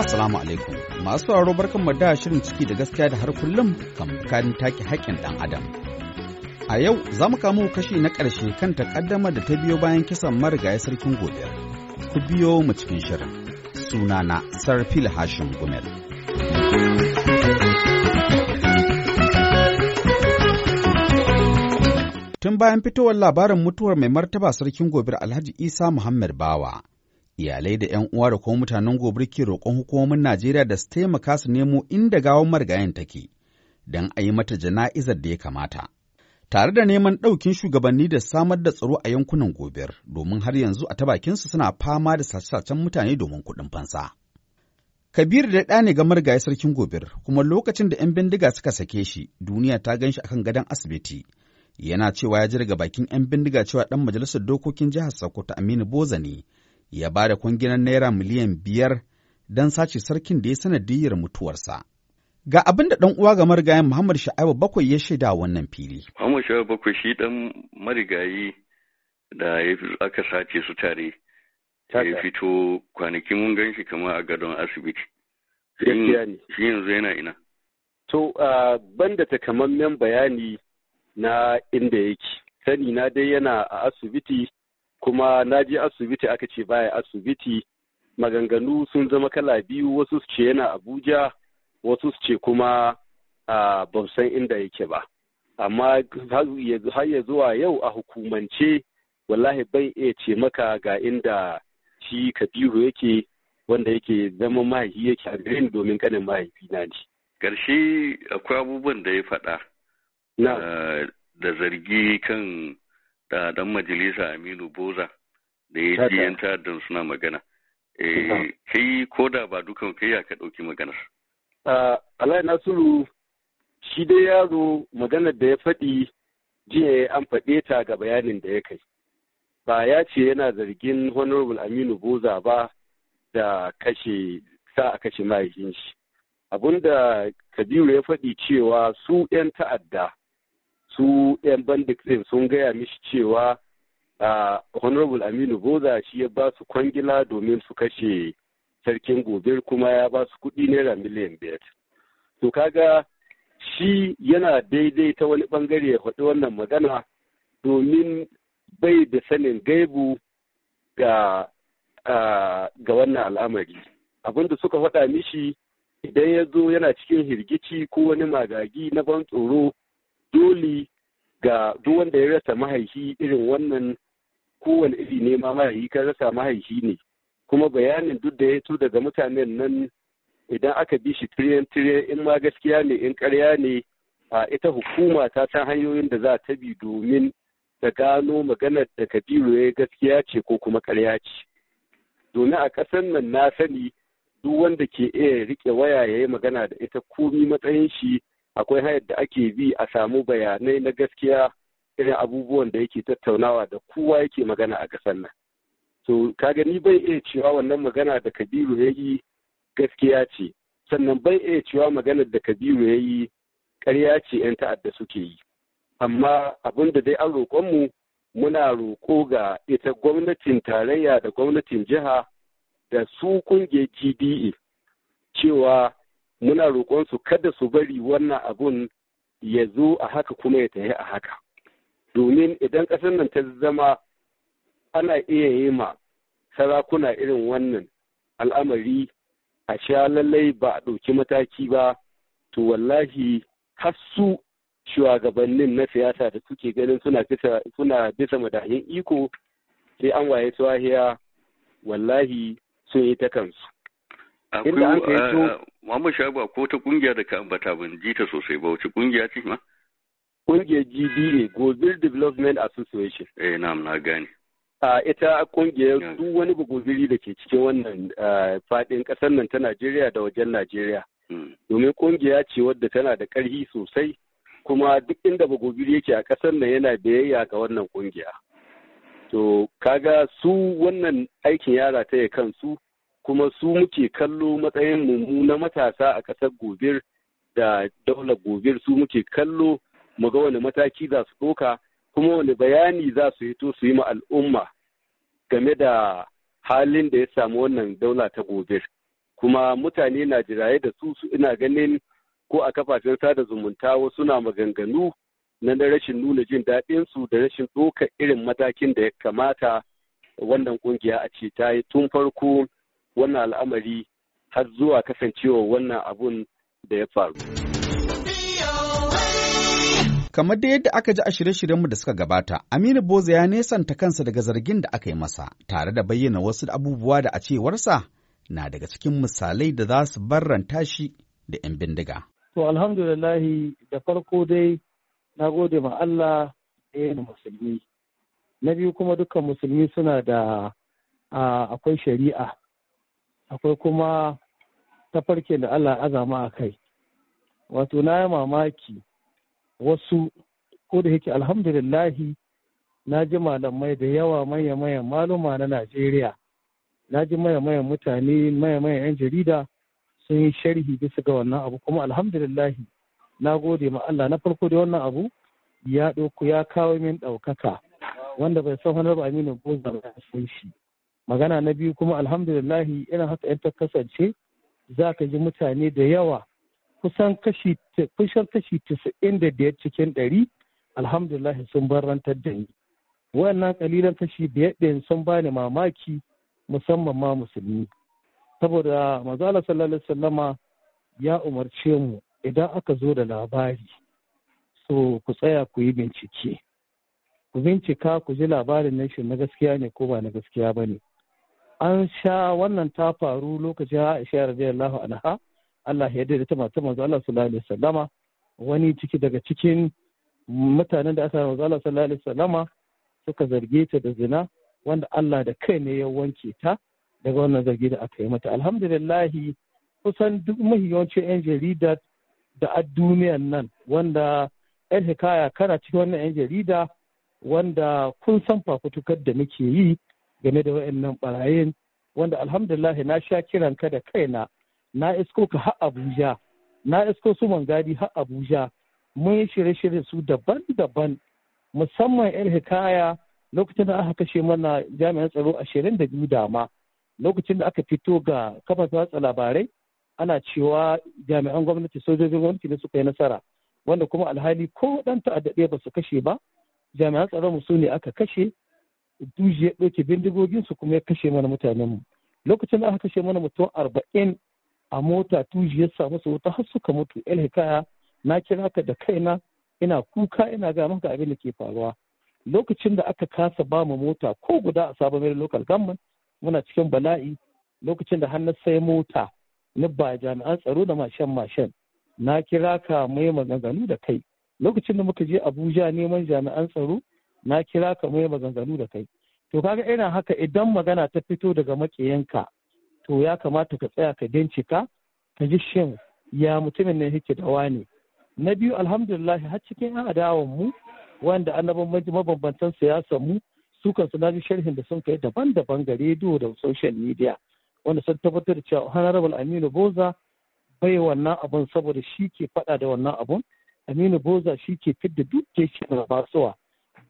Assalamu alaikum masu sauraro barkan mu da shirin ciki da gaskiya da har kullum kan kan take haƙƙin ɗan adam a yau za mu kamo kashi na ƙarshe kan takaddama da ta biyo bayan kisan marigayi sarkin gobe ku biyo mu cikin shirin sunana sarfil hashim gumel tun bayan fitowar labarin mutuwar mai martaba sarkin gobir alhaji isa muhammad bawa iyalai da 'yan uwa da kuma mutanen gobe ke roƙon hukumomin Najeriya da su taimaka su nemo inda gawan marigayen take don a yi mata jana'izar da ya kamata. Tare da neman ɗaukin shugabanni da samar da tsaro a yankunan gober, domin har yanzu a tabakinsu suna fama da sace-sacen mutane domin kuɗin fansa. Kabir da ɗa ne ga marigayi sarkin gobir kuma lokacin da 'yan bindiga suka sake shi duniya ta gan shi akan gadon asibiti. Yana cewa ya ji bakin 'yan bindiga cewa ɗan majalisar dokokin jihar Sokoto Aminu Bozani. ne ya ba da kwanginar naira miliyan biyar don sace sarkin da ya sanadiyar mutuwarsa. Ga abin da ɗan uwa ga marigayen Muhammad Sha'ibu bakwai ya shaida wannan fili. Muhammad Sha'ibu bakwai shi ɗan marigayi da ya aka sace su tare. Ya fito kwanaki mun gan shi kama a gadon asibiti. Shi yanzu yana ina. To, banda takamammen bayani na inda yake. Sani na dai yana a asibiti kuma na je asibiti aka ce baya asibiti maganganu sun zama kala biyu wasu su ce yana abuja wasu su ce kuma a ban inda yake ba amma har ya zuwa yau a hukumance wallahi ban iya ce maka ga inda shi kabiru yake wanda yake zama mahaifi yake a garin domin kanin mahaifi na ne ƙarshe akwai abubuwan da ya faɗa eh, da zargi kan da dan majalisa Aminu Boza da ya ji yan da suna magana. Eh, kai ko da ba dukan kai ya ka ɗauki maganar. Alai Nasiru shi dai yaro maganar da ya faɗi jiya an faɗe ta ga bayanin da ya kai. Ba ya ce yana zargin Honorable Aminu Boza ba da kashe sa a kashe mahaifin shi. Abun da Kabiru ya faɗi cewa su 'yan ta'adda su 'yan bandit din sun gaya mishi cewa honorable aminu boza shi ya ba su kwangila domin su kashe sarkin gobe kuma ya ba su kuɗi naira miliyan biyar to kaga shi yana daidai ta wani bangare ya faɗi wannan magana domin bai da sanin gaibu ga wannan al'amari abin da suka faɗa mishi idan ya zo yana cikin hirgici ko wani magagi na ban tsoro dole ga duk wanda ya rasa mahaifi irin wannan kowane iri ne ma mahaifi kan rasa mahaifi ne kuma bayanin duk da ya to daga mutanen nan idan aka bi shi tiriyan tiriyan in ma gaskiya ne in karya ne a ita hukuma ta san hanyoyin da za ta bi domin ta gano maganar da kabiru ya gaskiya ce ko kuma karya ce domin a ƙasar nan na sani duk wanda ke iya rike waya ya yi magana da ita komi matsayin shi akwai hayar da ake bi a samu bayanai na gaskiya irin abubuwan da yake tattaunawa da kowa yake magana a ƙasar nan to kaga ni bai iya cewa wannan magana da kabiru ya yi gaskiya ce sannan bai iya cewa maganar da kabiru ya yi ƙarya ce 'yan ta'adda suke yi amma abin da dai an roƙonmu muna roƙo ga ita gwamnatin tarayya da gwamnatin jiha da su ƙungiyar gda e cewa muna roƙonsu su kada su bari wannan abun ya zo a haka kuma ya tafi a haka domin idan ƙasar nan ta zama ana iya yi ma sarakuna irin wannan al'amari a sha lallai ba a ɗauki mataki ba to wallahi har su shugabannin na siyasa da suke ganin suna bisa suna bisa madahin iko sai an waye swahiya wallahi sun yi ta kansu Muhammad Shaba ko ta kungiya da ka ambata ban ji ta sosai ba wace kungiya ce ma? Kungiyar GDA Gozir Development Association. Eh na'am na gane. a ita kungiyar duk wani guguziri da ke cikin wannan fadin ƙasar nan ta Najeriya da wajen Najeriya. Hmm. Domin kungiya ce wadda tana da ƙarfi sosai kuma duk inda bagobiri yake a ƙasar nan yana biyayya ga wannan kungiya. To kaga su wannan aikin yara ta kan su kuma su muke kallo matsayin mu na matasa a ƙasar gobir da daular gobir su muke kallo mu ga wani mataki za su ɗoka kuma wani bayani za su hito su yi ma al'umma game da halin da ya samu wannan daula ta gobir kuma mutane na jiraye da su su ina ganin ko a kafafen sada zumunta wasu na maganganu na rashin nuna jin daɗinsu da rashin ɗoka irin matakin da ya kamata wannan ƙungiya a ce ta yi tun farko wannan al'amari har zuwa kasancewa wannan abun da ya faru. Kamar da yadda aka ji a shirye-shiryenmu da suka gabata, Aminu Boza ya nesanta kansa daga zargin da aka yi masa, tare da bayyana wasu abubuwa da a cewarsa na daga cikin misalai da za su barranta shi da 'yan bindiga. To alhamdulillahi da farko dai na gode ma Allah da da musulmi. Na biyu kuma dukkan musulmi suna da akwai shari'a akwai kuma farke da Allah azama a kai wato na yi mamaki wasu ko da yake alhamdulillahi na ji malamai da yawa manya-manyan maluma na Najeriya na ji manya-manyan mutane manya-manyan 'yan jarida sun yi sharhi bisa ga wannan abu kuma alhamdulillahi na gode ma Allah na farko da wannan abu ya ɗauko ya kawo min ɗaukaka wanda bai san wani ba aminu gozar shi magana na biyu kuma alhamdulillahi ina haka yan ta kasance za ka ji mutane da yawa kusan kashi kusan kashi tisa'in da biyar cikin ɗari alhamdulillahi sun rantar da ni wannan kalilan kashi biyar ɗin sun bani mamaki musamman ma musulmi saboda mazala sallallahu alaihi sallama ya umarce mu idan aka zo da labari so ku tsaya ku yi bincike ku bincika ku ji labarin nan na gaskiya ne ko ba na gaskiya ba ne an sha wannan ta faru lokacin Aisha radiyallahu anha Allah ya daidaita masu manzo Allah sallallahu alaihi wasallama wani ciki daga cikin mutanen da aka manzo Allah sallallahu alaihi wasallama suka zarge ta da zina wanda Allah da kai ne ya wanke ta daga wannan zargi da aka yi mata alhamdulillah kusan duk mahiyancin yan jarida da a nan wanda yan hikaya kana cikin wannan yan jarida wanda kun san fafutukar da muke yi game da wayannan barayin wanda alhamdulillah na sha kiran ka da kaina na isko ka har Abuja na isko su mangadi har Abuja mun yi shirye-shirye su daban-daban musamman yan hikaya lokacin da aka kashe mana jami'an tsaro ashirin da biyu dama lokacin da aka fito ga kafa watsa labarai ana cewa jami'an gwamnati sojojin gwamnati ne suka yi nasara wanda kuma alhali ko dan ta'adda ba su kashe ba jami'an tsaron su ne aka kashe duji ya ɗauke su kuma ya kashe mana mutanenmu lokacin da aka kashe mana mutum arba'in a mota tuji ya samu su wuta har suka mutu el hikaya na kira ka da kaina ina kuka ina ga maka abin da ke faruwa lokacin da aka kasa ba mu mota ko guda a sabon mai lokal government muna cikin bala'i lokacin da hannun sai mota na ba jami'an tsaro da mashin mashin na kira ka mai maganganu da kai lokacin da muka je abuja neman jami'an tsaro na kira ka mai maganganu da kai to kaga ina haka idan magana ta fito daga makiyanka to ya kamata ka tsaya ka bincika ka ji shin ya mutumin ne yake da wani na biyu alhamdulillah har cikin yan adawan mu wanda annaban mabambantan siyasar mu su kansu na ji sharhin da sun kai daban-daban ga rediyo da social media wanda sun tabbatar da cewa honorable aminu boza bai wannan abun saboda shi ke faɗa da wannan abun aminu boza shi ke fidda duk ke shi basuwa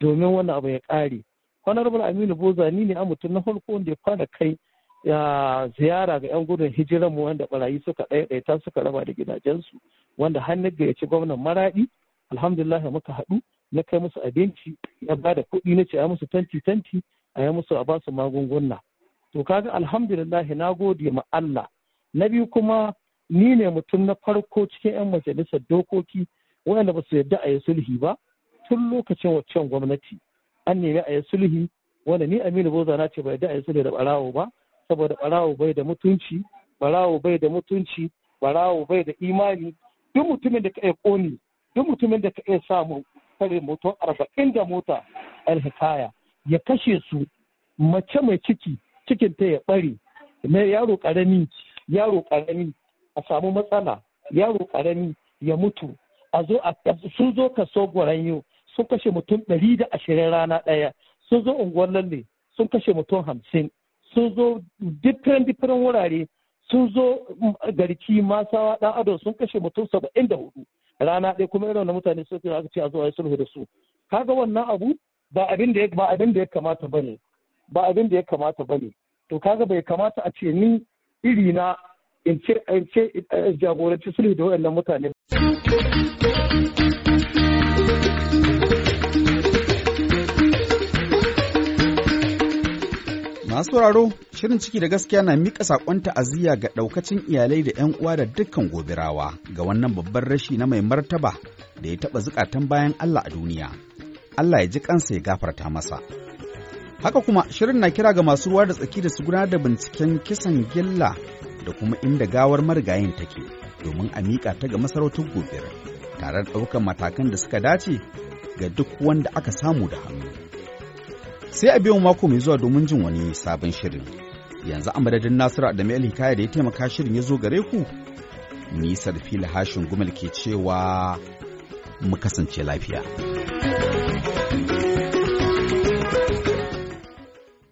domin wannan abu ya ƙare honorable aminu boza ni ne a mutum na farko wanda ya fara kai ya ziyara ga 'yan gudun hijiran mu wanda barayi suka ɗaiɗaita suka raba da gidajensu wanda hannun ga ya ci gwamnan maraɗi alhamdulillah muka haɗu na kai musu abinci ya ba da kuɗi na ce a musu tanti tanti a yi musu a ba su magunguna to kaga alhamdulillah na gode ma Allah na biyu kuma ni ne mutum na farko cikin 'yan majalisar dokoki wanda ba su yarda a yi sulhi ba tun lokacin waccan gwamnati an nemi a yi sulhi wanda ni aminu boza na ce bai da a yi sulhi da barawo ba saboda barawo bai da mutunci barawo bai da mutunci barawo bai da imani duk mutumin da ka iya koni duk mutumin da ka iya samu kare moto arba'in da mota alhikaya ya kashe su mace mai ciki cikin ta ya bare mai yaro karami yaro karami a samu matsala yaro karami ya mutu a zo a sun zo kaso gwaran yau sun kashe mutum ɗari da ashirin rana ɗaya sun zo unguwar lalle sun kashe mutum hamsin sun zo different different wurare sun zo mm, garki masawa ɗan ado sun kashe mutum saba'in da hudu rana ɗaya kuma irin na mutane sun aka ce a zo a sulhu da su kaga wannan abu ba abin da ba abin da ya kamata bane ba abin da ya kamata bane to kaga bai kamata a ce ni iri na in ce eh, jagoranci sulhu da waɗannan mutane. Masu sauraro, shirin ciki da gaskiya na miƙa saƙon ta'aziyya ga ɗaukacin iyalai da 'yan uwa da dukkan gobirawa ga wannan babban rashi na mai martaba da ya taɓa zukatan bayan Allah a duniya. Allah ya ji kansa ya gafarta masa. Haka kuma shirin na kira ga masu ruwa da tsaki da su gudanar da binciken kisan gilla da kuma inda gawar marigayin take domin a miƙa ta ga masarautar gobir tare da ɗaukar matakan da suka dace ga duk wanda aka samu da hannu. sai a biyo mako mai zuwa domin jin wani sabon shirin yanzu a madadin nasiru mai hikaya da ya taimaka shirin ya zo gare ku nisar fili hashin gumal ke cewa mu kasance lafiya.